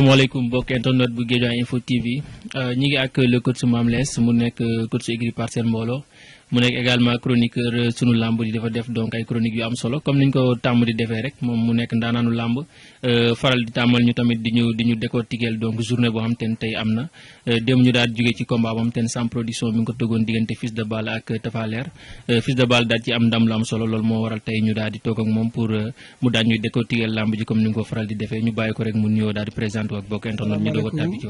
salaamaaleykum mbokk internet bu Guédiawaye info TV euh, ñi ngi ak le coach Mame Less mu nekk coach écurie Parcelles Mbooloo mu nekk également chroniqueur euh, sunu làmb di dafa def donc ay chroniques yu am solo comme niñ ko tàmm di defee rek moom mu nekk ndaanaanu làmb euh, faral di tàmmal ñu tamit di ñu di donc journée boo xam te tey am na euh, démb ñu daal jógee ci combat boo sans production bi nga ko tëggoon diggante Fils de Balla ak Tapha Leer de Balla daal ci am ndam lu am solo loolu moo waral tey ñu daal di toog moom pour mu daal ñuy décortiquer làmb ci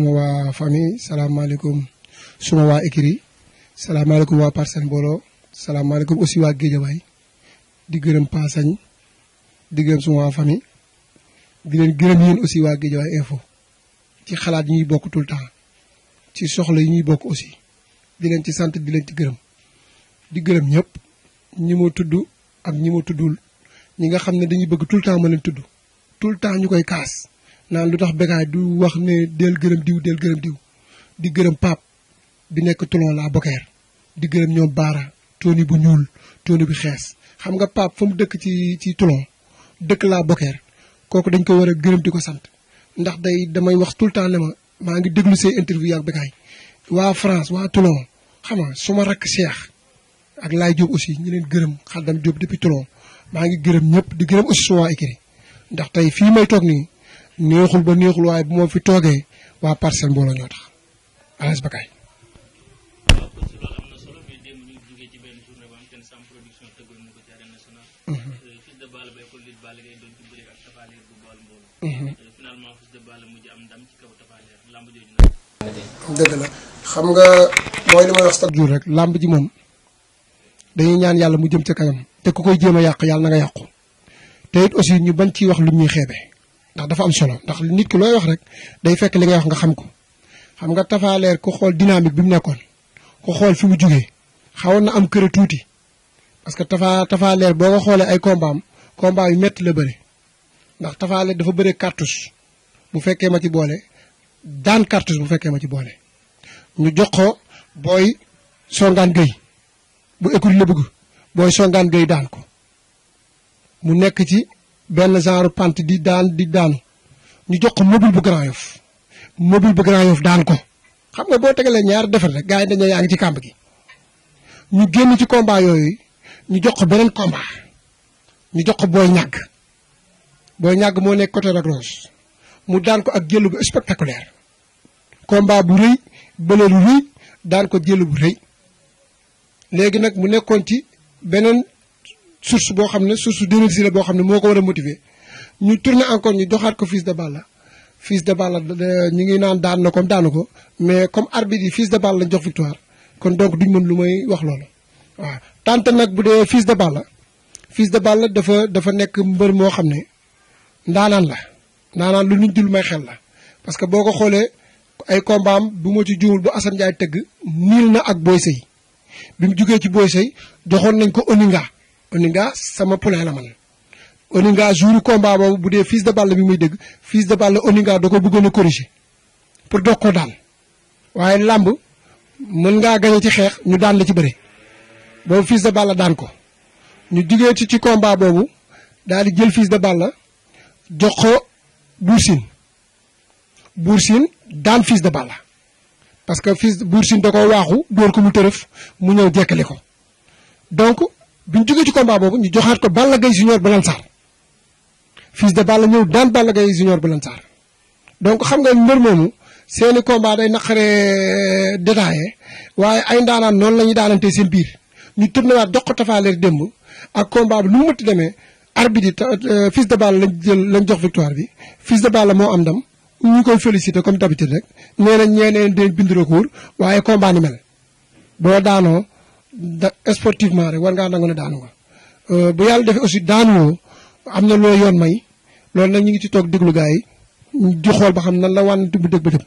waxtaan suma waa écrit salaamaaleykum waa Parcelles mbooloo salaamaaleykum aussi waa Géejawaay di gërëm Paasañ di gërëm suma waa famille di leen gërëm aussi waa Géejawaay info ci xalaat yi ñuy bokk tout temps ci soxla yi ñuy bokk aussi di leen ci sant di leen ci gërëm di gërëm ñëpp ñi ma tudd ak ñi ma tuddul ñi nga xam ne dañuy bëgg tout le temps ma leen tudd tout le temps ñu koy kaas naan lu tax Bécaye du wax ne del gërëm diw del gërëm diw di gërëm Pape di nek toulon la bokaire di gërem ñom baara toni bu ñuul toni bu xess xam nga pap fu mu dëkk ci ci toulon dëkk la bokaire koku dañ ko wara gërem diko di sant ndax day damay wax tout temps lema ma ngi déglu interview ak bekaay wa france wa toulon xam nga suma rak cheikh ak lay job aussi ñu leen gërem xadam job depuis toulon ma ngi gërem ñëpp di gërem aussi wa ikiri ndax tay fii may tok ni neexul ba neexul way bu mo fi toge wa parcel mbolo alas bakay dëgg la xam nga mooy li ma wax chaque jour rek làmb ji moom dañuy ñaan yàlla mu jëm ca kañam te ku koy jéem a yàq yàlla na nga yàqu te it aussi ñu bañ ciy wax lu ñuy xeebe ndax dafa am solo ndax nit ki looy wax rek day fekk li ngay wax nga xam ko xam nga tafaaleer ku xool dynamique bi mu nekkoon ku xool fi mu jógee xawoon na am kër tuuti parce que tafa tafaaleer boo ko xoolee ay kombaam am combat yu métti la bëri ndax tafaale dafa bëre cartouche bu fekkee ma ci boole daan cartouche bu fekkee ma ci boole ñu jox ko booy songaan géy bu école la bëgg booy songaan géy daan ko mu nekk ci benn genre pant di daan di daanu ñu jox ko mobile bu Grand Yoff mobile bu Grand Yoff daan ko xam nga boo tegalee ñaar defal rek yi dañoo yaa ngi ci kàmb gi ñu génn ci combat yooyu ñu jox ko beneen combat ñu jox ko booy ñàkk booy ñàgg moo nekk côté Lac Rose mu daan ko ak jël bu spectaculaire combat bu reuy bële lu rëy daan ko jël bu rëy léegi nag mu nekkon ci benen source bo xamné source d'énergie la boo xam ne motiver ñu tourner encore ñu doxat ko Fils de balle Fils de balle ñi ngi naan daan na comme daanu ko mais comme arbitre Fils de balle lañ jox victoire kon donc duñ mën lumay wax loolu waaw tante nak bu dé Fils de balle Fils de balle dafa dafa nek mbeur mo xamné ndaanaan la ndaanaan lu nit dul may xel la parce que boo ko xoolee ay kombaam bu ma ci juumul bu Assane Ndiaye tëgg niil na ak Boy Sey bi mu jugee ci Boy Sey joxoon nañ ko Oninga Oninga sama poulain la man Oninga jouru combat boobu bu dee fils de balle bi muy dëgg fils de balle Oninga da ko bëggoon a corriger pour dox ko daan waaye làmb mën ngaa gañe ci xeex ñu daan la ci bëre boobu fils de balle daan ko ñu jugee ci ci combat boobu daal di jël fils de balle jox ko Bour Sine Bour Sine daan Fils de Balla parce que Fils Bour Sine da ko waaxu dóor ko mu tërëf mu ñëw jekkali ko donc bi ñu jógee ci combat boobu ñu joxaat ko Balla Gaye junior Balansaar Fils de Balla ñëw daan Balla Gaye junior Balansaar donc xam nga mbër moomu seeni combat day naqaree euh, détaillé waaye ay ndaanaan noonu la ñuy daanante seen biir ñu tourné waat jox ko Tapha Leer démb ak combat bi lu mu mënti demee arbitre bi euh, fils de balle lañ jël lañ jox victoire bi fils de balle moo am dam ñu koy félicité comme d'habitude rek nee nañ ñeeneen dañ bind recours waaye combat mel boo daanoo da sportivement rek war ngaa nangu ne daanu nga euh, bu yàlla def aussi daanoo am na loo yoon may loolu nag ñu ngi ci toog déglu gars yi di xool ba xam nan la wànn bu dëgg ba dëgg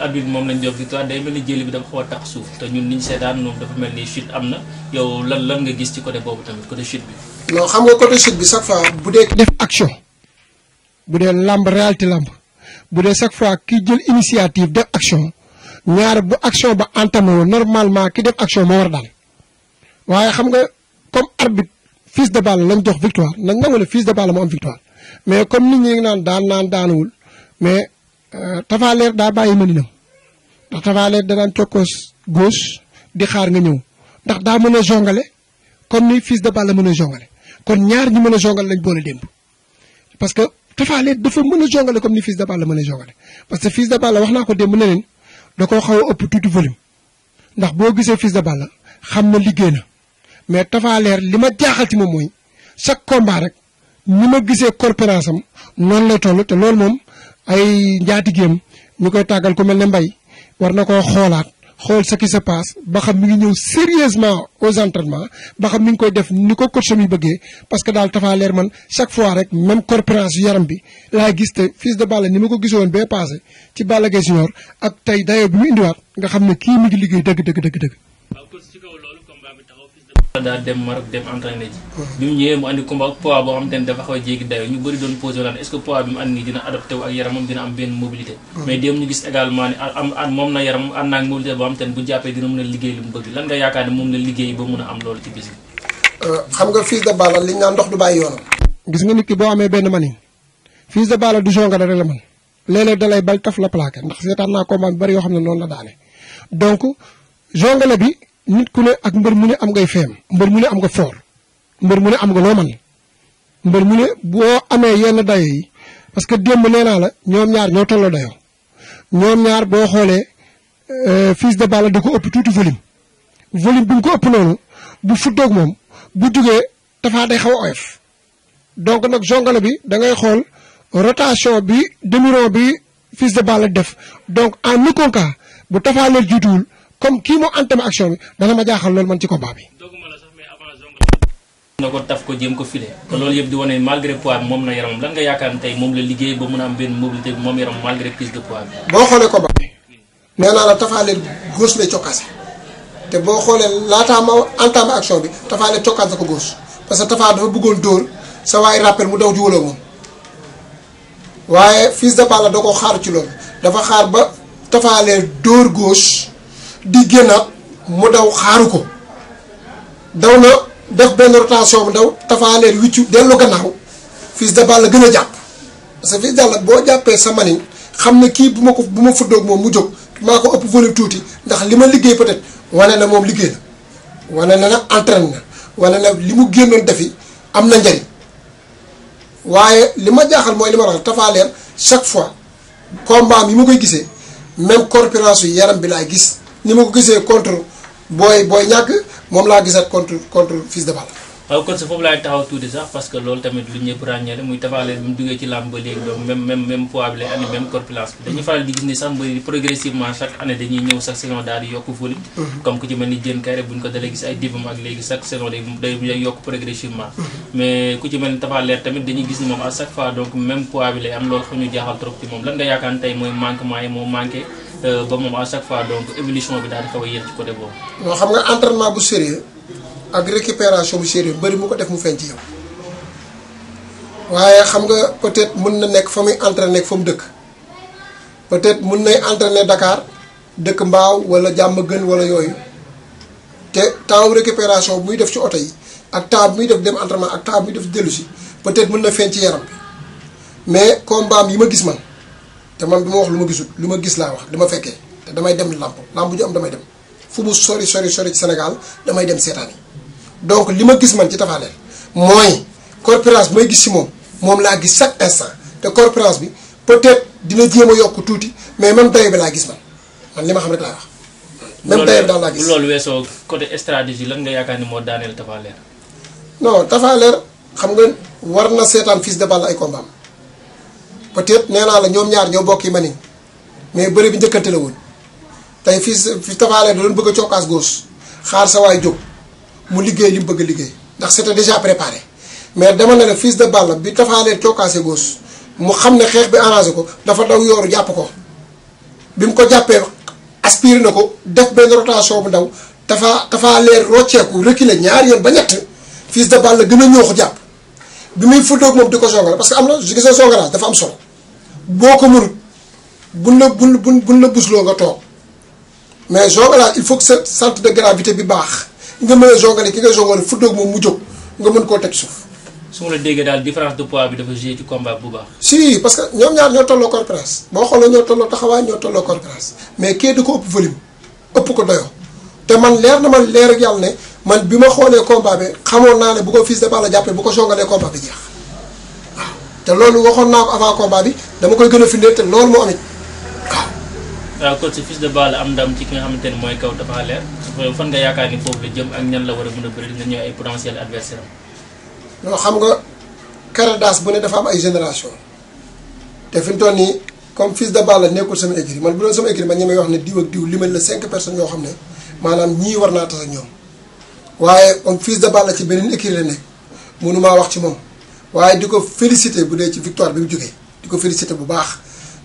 arbitre mom lañ jox victoire day melni jeli bi dafa xaw tax suuf te ñun niñ sétane mom dafa melni chute amna yow lan lan nga gis ci côté bobu tamit côté chute bi non xam nga côté chute bi chaque fois bu dee def action bu dee lamb réalité lamb bu dee chaque fois ki jël initiative def action ñaar bu action ba entamé normalement ki def action mo war dal waye xam nga comme arbitre fils de balle lañ jox victoire nak nga wala fils de balle mo am victoire mais comme nit ñi nga naan daan naan daanul mais Euh, tafaaleer daa bàyyi mëninam ndax tafaaleer danaan cokkoos gauche di xaar nga ñëw ndax daa mën a jongale comme ni Fils de Balla mën a jongale kon ñaar ñi mën a jongale lañ boole démb parce que tafaaleer dafa mën a jongale comme ni Fils de Balla mën a jongale parce que Fils de Balla wax naa ko dem ne leen da koo xaw a ëpp tuuti volume ndax boo gisee Fils de Balla xam na liggéey na mais tafaaleer li ma jaaxal ti moom mooy chaque combat rek ni ma gisee corpérance am noonu lay toll te loolu moom ay njaatigeem ñu koy tàggal ku mel ne mbay war na koo xoolaat xool ce qui se passe ba xam mi ngi ñëw sérieusement aux entraînements ba xam mi ngi koy def ni ko coach yi bëggee parce que daal Tapha Leer man chaque fois rek même corpulence yaram bi laay gis te fils de Balla ni ma ko gisoon bee passé ci Balla Gaye Junior ak tey dayoo bi mu indiwaat nga xam ne kii mi ngi liggéey dëgg dëgg dëgg dëgg. daal dem Maroc dem entraîné ji. bi mu ñëwee mu andi combat poids boo xam te dafa xaw jéegi dayoo ñu bëri doon posé wala est-ce dina adopté wu ak yaramam dina am benn mobilité. Mm. mais démb ñu gis également ne am moom na yaram ànd naag mobilité boo xam te bu jàppee dina mën a liggéey lu mu bëgg lan nga yaakaar ne moom la liggéey ba mun a am loolu ci bis euh, xam nga Fils de Balla liñ naan ndox du bàyyi yoonam. gis nga nit ki boo amee benn mani Fils de Balla nit ku ne ak mbër mu ne am ngay feem mbër mu ne am nga foor mbër mu ne am nga loo man mbër mu ne boo amee yenn dayo yi parce que démb nee naa la ñoom ñaar ñoo tolloo dayoo ñoom ñaar boo xoolee euh, Fils de Balla da ko ëpp tuuti volume volume bi mu ko ëpp noonu bu futtoog moom bu jugee dafaa day xaw a oyof donc nag jongale bi da ngay xool rotation bi demi bi Fils de Balla def donc en aucun cas bu tafaaleel jiituwul comme kii moo entamé action bi dana ma jaaxal loolu man ci combat bi. ko taf ko jéem loolu yëpp di wane malgré poids bi moom na yaramam lan nga yaakaar tey moom la liggéey ba mën a am benn mobilité bi moom yaram malgré prise de poids bi. boo xoolee combat bi nee naa la tafaale góos lay cokkaase te boo xoolee laataa ma entamé action bi tafaale cokkaas ko góos parce que tafaa dafa bëggoon dóor sa waay rappel mu daw jiwaloo moom waaye Fils de Balla da ko xaar ci loolu dafa xaar ba tafaale dóor góos. di génnaat mu daw xaaru ko daw na def benn rotation bu ndaw tafaaleer wiccu dellu gannaaw Fils de Balla gën a jàpp parce que Fils de Balla boo jàppee sa manin xam ne kii bu ma ko bu ma fuddoog moom mu jóg maa ko ëpp volume tuuti ndax li ma liggéey peut-être wane na moom liggéey na wane na nag entraîne na wane na li mu génnoon defi am na njariñ waaye li ma jaaxal mooy li ma wax tafaaleer chaque fois combat mi ma koy gisee même corpulence yu yaram bi laay gis ni ma ko gisee contre booy booy ñàkk moom laa gisaat contre contre fils de balle. waaw kon sa foofu laay taxaw tuuti sax parce que loolu tamit lu ñëpp ràññeele muy tafaale bi duggee ci làmb ba léegi donc même même même poids bi lay corpulence bi dañuy di gis ni sax mbëri progressivement chaque année dañuy ñëw chaque saison daal yokk volume mhm. comme ku ci mel ni Diène Kairé bu ñu ko dalee gis ay dibam ak léegi chaque saison day yokk progressivement mhm. mais Euh, ba moom à fois donc évolution bi daal di xaw a yéex ci xam nga entraînement bu sérieux ak récupération bu sérieux bëri mu ko def mu feeñ ci yow xam nga peut mën na nekk fa muy entraîné nekk dëkk peut-être mën nay entraîné Dakar dëkk Mbaaw wala Diamaguène wala yooyu te temps récupération buy def ci oto yi ak temps bi def dem entraînement ak temps bi def dellu si peut-être mën na feeñ ci yaram bi mais combat yi ma gis man. te man du wax luma gisul luma gis la wax dama fekkee te damay dem lamp lamp ju am damay dem fu mu sori sori sori ci Sénégal damay dem seetaan donc lima gis man ci Tapha moy mooy moy gis ci mom mom la gis chaque instant te corpulence bi peut-être dina jéem yok touti mais même tay bi la gis man man lima xam rek la wax. même tay bi la gis lolou weesoo côté stratégie lan nga yaakaar ni mo daaneel Tapha non Tapha xam nga warna na Fils de balle ay combat peut-être nee naa la ñoom ñaar ñoo bokk yi ma ni mais bëri bi njëkkante la woon tey fii fi tafaale da doon bëgg a cokkaas góos xaar sa waay jóg mu liggéey li bëgg liggéey ndax c'était déjà préparé mais dama ne la de balle bi tafaale cokkaase góos mu xam ne xeex bi arrangé ko dafa daw yooru jàpp ko bi mu ko jàppee aspiré na ko def benn rotation bu ndaw dafa dafa leer rocceeku reculer ñaar yoon ba ñett fils de balle gën a ñoo ko jàpp bi muy fuddoog moom di ko songal parce am na gis nga dafa am solo boo ko mënut bu la buñ buñ buñ la busloo nga toog mais jongalaa il faut que sa centre de gravité bi baax nga mën a jongale ki nga jongale fuddoog moom mu jóg nga mën koo teg suuf. su ma la déggee daal différence de poids bi dafa joué ci combat bu baax. si parce que ñoom ñaar ñoo tolloo corps presse boo xoolee ñoo tolloo taxawaay ñoo tolloo corps presse mais kii da ko ëpp volume ëpp ko doyoo te man leer na man leer ak yàlla ne man bi ma xoolee combat bi xamoon naa ne bu ko Fils de Balla jàppee ko jongalee combat bi te loolu waxoon naa ko avant combat bi dama koy gën a firndeel te loolu moo amit waaw. waaw kon si Fils de Balla am ndam ci ki nga xamante ne mooy kaw dafa leer fan nga yaakaar ni foofu la jëm ak ñan la war a mën a bëri dina ñëw ay potentiel adversaire am. non xam nga Karadas bu ne dafa am ay génération te fi mu toll nii comme Fils de Balla nekkul sama écrit man bu doon sama écrit man ñi wax ne diw ak diw limal la cinq personnes yoo xam ne maanaam ñii war naa tas ak ñoom waaye comme Fils de Balla ci beneen écrit la nekk mënumaa wax ci moom. waaye di ko félicité bu dee ci victoire bi mu jógee di ko félicité bu baax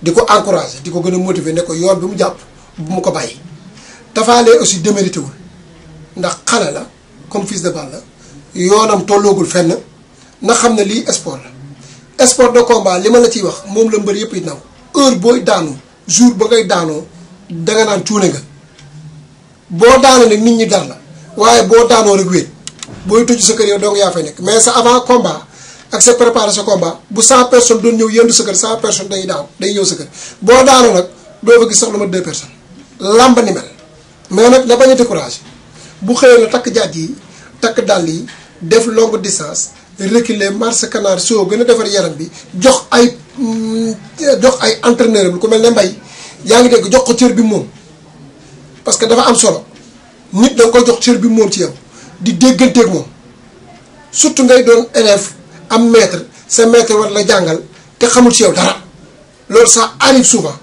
di ko encouragé di ko gën a motiver ne ko yoon bi mu jàpp bu mu ko bàyyi. Tafalee aussi démérité wul ndax xale la comme fils de Balla la yoonam tolloogul fenn na xam ne lii sport la sport de combat li ma la ciy wax moom la mbër yëpp yi naw heure booy daanu jour ba ngay daanoo danga naan tuune nga boo daanoo nag nit ñi dar la waaye boo daanoo rek wéet booy tujj sa kër yow dong yaa fay nekk mais sa avant combat. ak sa préparation combat bu cent personnes doon ñëw yendu sa kër cent personnes day daaw day ñëw sa boo daanu nag doo fa gis sax lu mat deux personnes làmba ni mel mais nag na bañ a découragé bu xëyee la takk jaaj yi takk dàll yi def longue distance reculer marche canard soo gën a defar yaram bi jox ay mm, jox ay entraîneur bi ku mel ne mbay yaa ngi dégg jox ko cër bi moom parce que dafa am solo nit da nga koy jox cër bi moom ci yow di dégganteeg moom surtout ngay doon élève am maître sa maître war la jangal te xamul ci yow dara loolu ça arrive souvent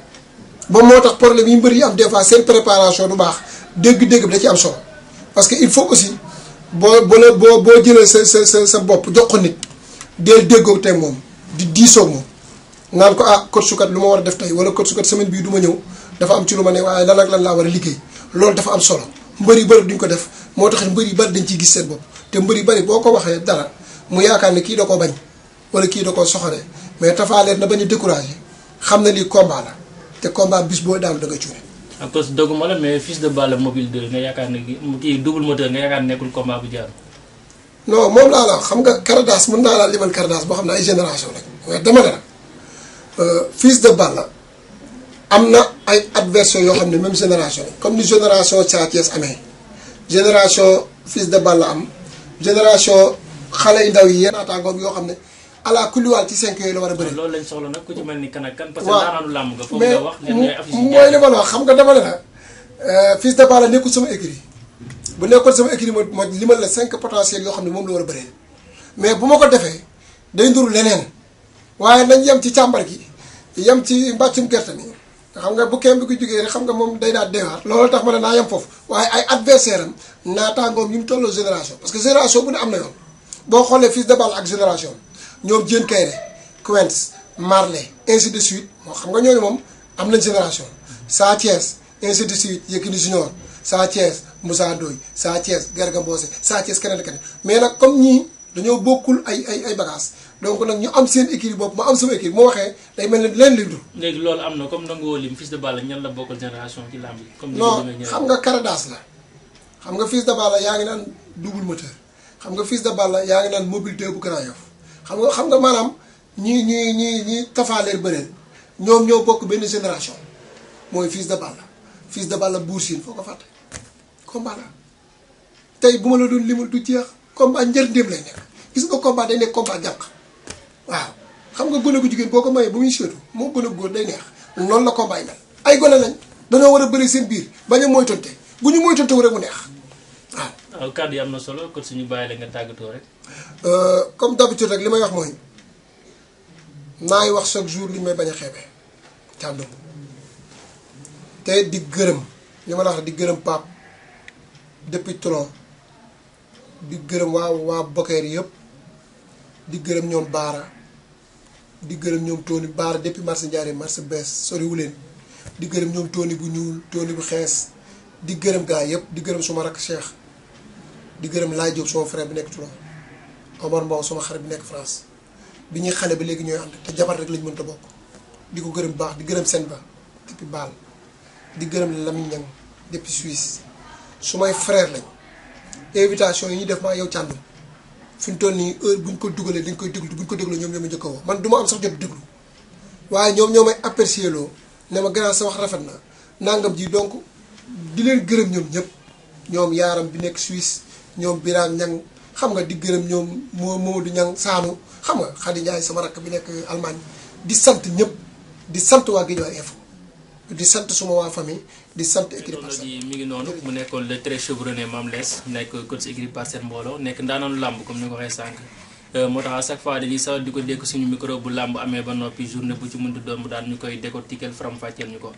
ba motax problème yi mbër yi am des fois seen préparation du bax deug deug da ci am solo parce que il faut aussi bo bo bo, bo jëlé sa sa sa sa bop jox ko nit del deggo te mom di diso mo nan ko ah coach sukat luma wara a def tay wala coach sukat semaine bi duma ñew dafa am ci luma ne way lan ak lan la wara a liggéey dafa am solo mbër yu duñ ko def motax tax mbër yu dañ ci gis seen bopp te mbër yu ko dara mu yaakaar ne kii da koo bañ wala kii da ko soxore mais tafaaleer na ba a découragé xam na lii combat la te combat bis boo daal da nga cuune. en plus doguma la mais fils de Balla mobile 2 nga yaakaar ne kii double moteur nga yaakaar nekkul combat moom laa la xam nga Caradass mën naa laa limal Caradass boo xam ne ay génération rek mais dama ne la euh, fils de Balla am na ay adversaires yoo xam ne même génération comme ni génération Sa amee génération fils de Balla am génération. xale yu ndaw yi yenn naataangoom yoo xam ne ala kulliwaal ci cinq yooyu la war a bëri. loolu lañ soxla nag ku ci mel ni kan ak kan. ma la wax xam nga dama ne euh, bu nekkoon sama écrit ma ma la cinq potentiel yoo xam ne moom la war mais bu ma ko defee day nduru leneen waaye nañ yem ci càmbar gi yem ci mbàccum gerte mi xam nga bu kenn bi ko xam nga moom day daal deewaat tax ma ne naa yem foofu waaye ay adversaire am naataangoom yi mu tolloo génération parce que génération bu ne am na yoon boo xoolee fils de balle ak génération ñoom Diène Kayré Quench Marley ainsi de suite moo xam nga ñooñu moom am nañ génération Sa Thiès ainsi de suite Yékini Junior Sa Thiès Moussa Ndoye Sa Thiès Garga Mbossé Sa Thiès keneen mais nag comme ñii dañoo bokkul ay ay ay bagages donc nag ñu am seen équipe bopp ma am sama équipe moo waxee day mel ni leen liggéey. léegi loolu am na comme nangu woo lim fils de balle ñan la bokkal génération ci lamb bi. comme non xam nga Karadas la xam nga fils de yaa ngi naan double moteur. xam nga Fils de Balla yaa ngi naan mobilité bu Grand Yoff xam nga xam nga maanaam ñi ñi ñi ñi tafaaleer bëreel ñoom ñoo bokk benn génération mooy Fils de Balla Fils de Balla Bour Sine foo ko fàtte combat tey bu ma la doon limul du jeex combat njërndéem lay nekk gis nga combat day nekk combat jànq waaw xam nga gone gu jigéen boo ko mayee bu muy seetu moo gone gu góor day neex noonu la combat yi ay gone lañ dañoo war a bëri seen biir bañ a Euh, kaddu am na solo kon suñu bàyyi la nga tàggatoo rek. Euh, comme d' habitude rek li may wax mooy naay wax chaque jour li may bañ a xeebee càndum te di gërëm li la wax di gërëm pap depuis tron di gërëm waa waa bokeer yëpp di gërëm ñoom bara di gërëm ñoom tooni baara depuis marché njaare marché bees soriwu leen di gërëm ñoom tooni bu ñuul tooni bu xees di gërëm gaa yëpp di gërëm suma rakk Cheikh di gërëm laa Diop so frère bi nek Toulon Omar Mbow sama xarit bi nek France bi ñuy xale ba léegi ñooy ànd te jabar rek lañ mënta bok di ko gërëm baax di gërëm sen ba depuis bal di gërëm lam ñang depuis Suisse sumay frère lañ invitation yi ñu def ma yow càndum fuñ mu toll heure buñ ko duggalé dañ koy déglu buñ ko déglu ñoom ñoo ma njëkk man duma am sax jot waye ñom ñomay apprécier lo ma rafet na nangam ji donc di leen gërëm ñom ñep ñom yaaram bi nek Suisse ñoom Birame Niang xam nga di gërëm ñoom moo Mamadou Niang Saanu xam nga Khady Ndiaye sama rakk bi nekk Allemagne di sant ñëpp di sant waa Guédiawaye Infos di sant ngi noonu mu nekkoon le très chevronné Mame Less nekk coach écurie Parcelles mbooloo nekk ndaanoon làmb comme ni nga ko waxee sànq Eh, moo tax à chaque fois dañuy sawar di ko suñu micro bu làmb amee ba noppi journée bu ci mënti doon mu daan ñu koy décortiquer faram fàcceel ñu ko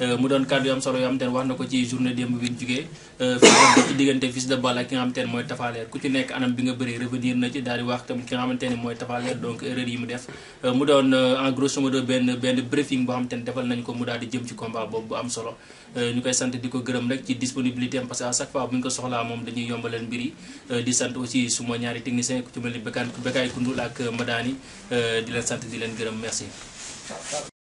eh, mu doon kàddu yam solo yoo xam te wax na ko ci journée démb bi ñu jugee eh, fii ci diggante fils de balle ki nga xam te mooy ku ci nekk anam bi nga revenir na ci wax ki nga donc erreur yi mu def mu doon en grosso modo briefing boo xam defal nañ ko mu daal di jëm ci combat bu am solo ñu koy sant di ko rek ci disponibilité am parce que à chaque fois bu ko dañuy di aussi suma ñaari technicien ku ci Bécaye Koundoul ak Madani euh, di la sant di leen gërëm merci.